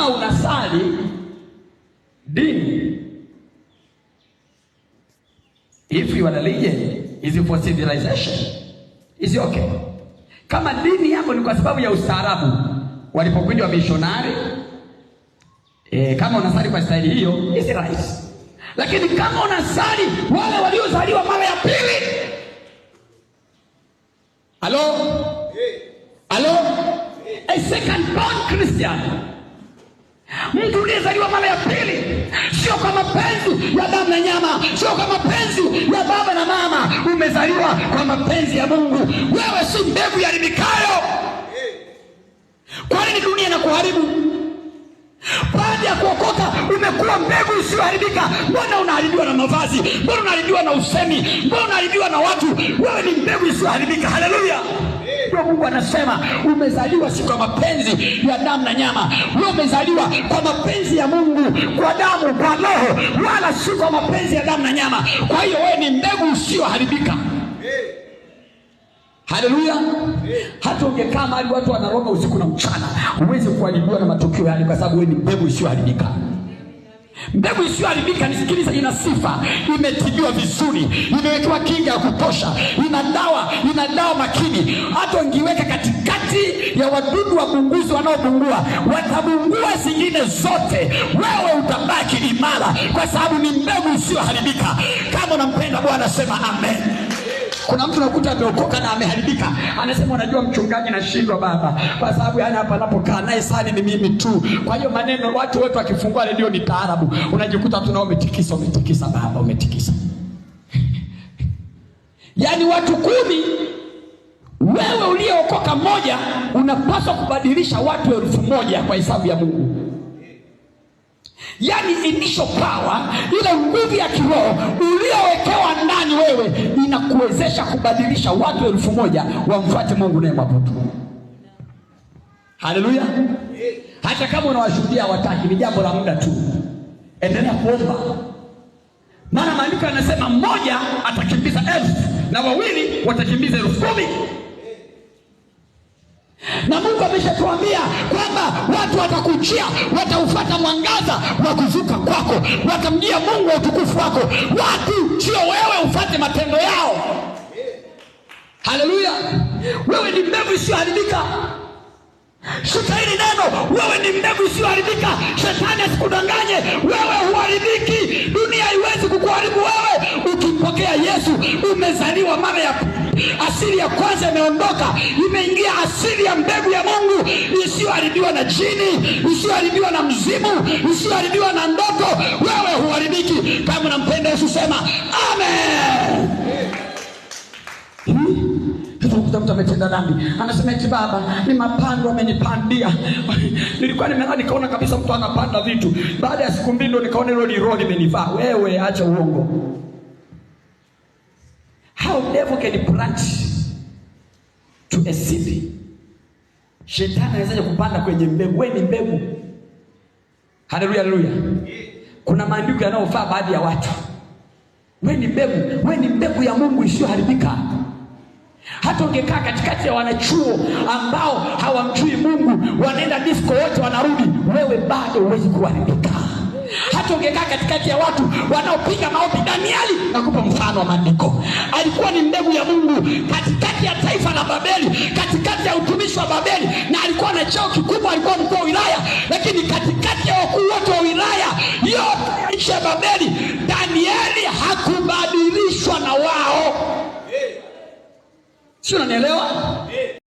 kama unasali dini, if you are religion is for civilization is it okay. Kama dini yako ni kwa sababu ya ustaarabu, walipokwenda wamishonari e, eh, kama unasali kwa staili hiyo is it right, lakini kama unasali wale waliozaliwa mara ya pili Hello? Hello? A second born Christian Mtu uliyezaliwa mara ya pili, sio kwa mapenzi ya damu na nyama, sio kwa mapenzi ya baba na mama. Umezaliwa kwa mapenzi ya Mungu. Wewe si mbegu ya Kwa nini dunia inakuharibu? baada ya kuokoka mbegu isiyoharibika. Mbona unaharibiwa na mavazi? Mbona unaharibiwa na usemi? Mbona unaharibiwa na watu? Wewe ni mbegu isiyoharibika. Haleluya! Ndio Mungu anasema umezaliwa si kwa mapenzi ya damu na nyama, wewe umezaliwa kwa mapenzi ya Mungu, kwa damu, kwa Roho, wala si kwa mapenzi ya damu na nyama. Kwa hiyo wewe ni mbegu usiyoharibika. Haleluya! Hata ungekaa mahali watu wanaroma usiku na mchana, huwezi kuharibiwa na matukio yale, kwa sababu wewe ni mbegu isiyoharibika. Mbegu isiyoharibika, nisikiliza, ina sifa, imetibiwa vizuri, imewekewa kinga ya kutosha, ina dawa, ina dawa makini. Hata ungiweka katikati ya wadudu wa bunguzi wanaobungua, watabungua zingine zote, wewe utabaki imara, kwa sababu ni mbegu isiyoharibika. Kama unampenda Bwana sema amen. Kuna mtu nakuta ameokoka na ameharibika, anasema unajua, mchungaji nashindwa baba, kwa sababu yani hapa anapokaa naye sana ni mimi tu. Kwa hiyo maneno watu wetu akifungua redio ni taarabu, unajikuta tunao umetikisa, umetikisa baba, umetikisa yaani watu kumi wewe uliyeokoka mmoja unapaswa kubadilisha watu elfu moja kwa hesabu ya Mungu. Yaani, initial power, ile nguvu ya kiroho uliowekewa ndani wewe kuwezesha kubadilisha watu elfu moja wamfuate Mungu naye mwabudu. Haleluya! Hata kama unawashuhudia hawataki, ni jambo la muda tu, endelea kuomba, maana maandiko yanasema mmoja atakimbiza elfu na wawili watakimbiza elfu kumi na Mungu ameshatuambia kwamba watu watakuchia wataufuata mwangaza wa kuzuka kwako, watamjia Mungu wa utukufu wako. Watu sio wewe, ufate matendo yao. Haleluya! Wewe ni mbegu isiyoharibika. Shika hili neno, wewe ni mbegu isiyoharibika. Shetani asikudanganye, wewe huharibiki. Dunia haiwezi kukuharibu wewe. Ukimpokea Yesu umezaliwa mara ya asili ya kwanza imeondoka, imeingia asili ya mbegu ya Mungu isiyoharibiwa na jini, isiyoharibiwa na mzimu, isiyoharibiwa na ndoto. Wewe huharibiki. Kama unampenda Yesu sema amen. Tutakuta hmm? mtu ametenda dhambi, anasema eti baba, ni mapando amenipandia. Nilikuwa nimeenda nikaona kabisa mtu anapanda vitu, baada ya siku mbili ndo nikaona hilo liro limenivaa. Wewe acha uongo. How devil can plant to a seed? Shetani anawezaje kupanda kwenye mbegu? Wewe ni mbegu. Haleluya, haleluya. Kuna maandiko yanayofaa baadhi ya watu. Wewe ni mbegu, wewe ni mbegu ya Mungu isiyoharibika. Hata ungekaa katikati ya wanachuo ambao hawamjui Mungu, wanaenda disco wote wanarudi, wewe bado huwezi kuharibika. Hata ungekaa katikati ya watu wanaopiga maombi. Danieli, nakupa mfano wa maandiko, alikuwa ni mbegu ya Mungu katikati ya taifa la Babeli, katikati ya utumishi wa Babeli, na alikuwa na cheo kikubwa, alikuwa mkuu wa wilaya, lakini katikati ya wakuu wote wa wilaya yote nchi ya Babeli Sio, unanielewa?